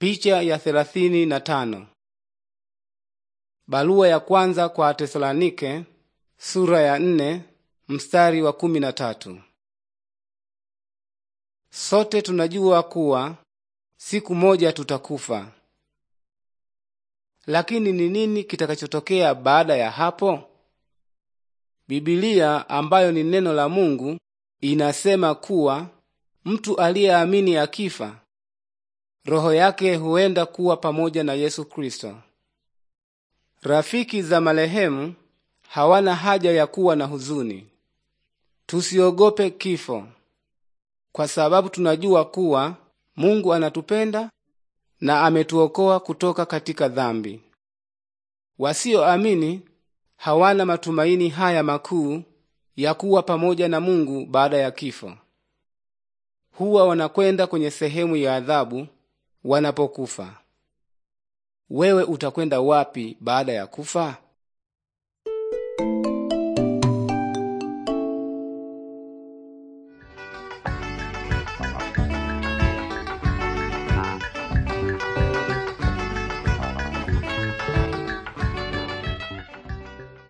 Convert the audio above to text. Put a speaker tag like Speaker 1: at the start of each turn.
Speaker 1: Picha ya thelathini na tano. Barua ya kwanza kwa Wathesalonike sura ya nne mstari wa kumi na tatu. Sote tunajua kuwa siku moja tutakufa. Lakini ni nini kitakachotokea baada ya hapo? Biblia ambayo ni neno la Mungu inasema kuwa mtu aliyeamini akifa roho yake huenda kuwa pamoja na Yesu Kristo. Rafiki za marehemu hawana haja ya kuwa na huzuni. Tusiogope kifo, kwa sababu tunajua kuwa Mungu anatupenda na ametuokoa kutoka katika dhambi. Wasioamini hawana matumaini haya makuu ya kuwa pamoja na Mungu baada ya kifo. Huwa wanakwenda kwenye sehemu ya adhabu wanapokufa. Wewe utakwenda wapi baada ya kufa?